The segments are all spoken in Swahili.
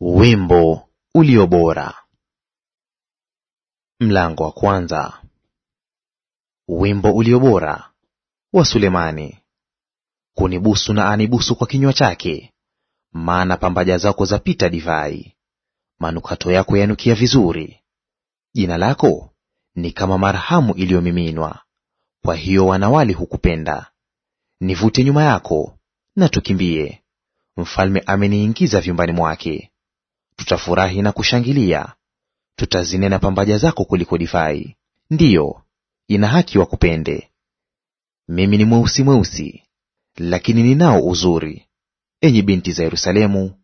Wimbo ulio bora. Mlango wa kwanza. Wimbo ulio bora wa Sulemani. Kunibusu na anibusu kwa kinywa chake, maana pambaja zako zapita divai, manukato yako yanukia vizuri. Jina lako ni kama marhamu iliyomiminwa, kwa hiyo wanawali hukupenda. Nivute nyuma yako na tukimbie, mfalme ameniingiza vyumbani mwake tutafurahi na kushangilia, tutazinena pambaja zako kuliko divai, ndiyo ina haki wa kupende Mimi ni mweusi mweusi, lakini ninao uzuri, enyi binti za Yerusalemu,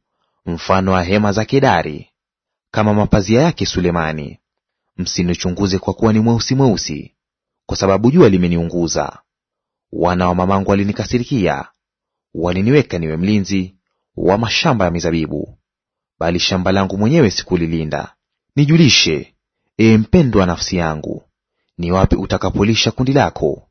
mfano wa hema za Kedari, kama mapazia yake Sulemani. Msinichunguze kwa kuwa ni mweusi mweusi, kwa sababu jua limeniunguza. Wana wa mamangu walinikasirikia, waliniweka niwe mlinzi wa mashamba ya mizabibu bali shamba langu mwenyewe sikulilinda. Nijulishe, ee mpendwa nafsi yangu, ni wapi utakapolisha kundi lako?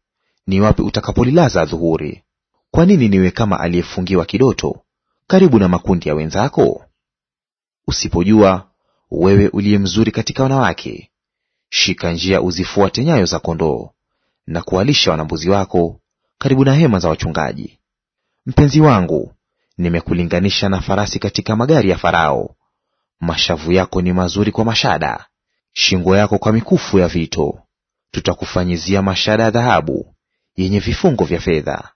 Ni wapi utakapolilaza dhuhuri? Kwa nini niwe kama aliyefungiwa kidoto karibu na makundi ya wenzako? Usipojua wewe uliye mzuri katika wanawake, shika njia uzifuate nyayo za kondoo, na kuwalisha wanambuzi wako karibu na hema za wachungaji. Mpenzi wangu, nimekulinganisha na farasi katika magari ya Farao. Mashavu yako ni mazuri kwa mashada, shingo yako kwa mikufu ya vito. Tutakufanyizia mashada ya dhahabu yenye vifungo vya fedha.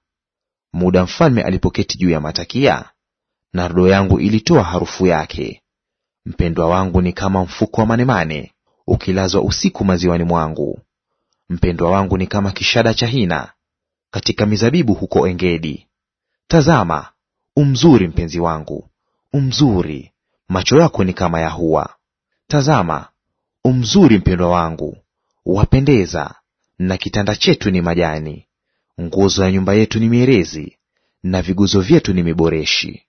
Muda mfalme alipoketi juu ya matakia, nardo yangu ilitoa harufu yake. Mpendwa wangu ni kama mfuko wa manemane ukilazwa usiku maziwani mwangu. Mpendwa wangu ni kama kishada cha hina katika mizabibu huko Engedi. Tazama, Umzuri mpenzi wangu, umzuri; macho yako ni kama ya hua. Tazama, umzuri mpendwa wangu, wapendeza; na kitanda chetu ni majani. Nguzo ya nyumba yetu ni mierezi, na viguzo vyetu ni miboreshi.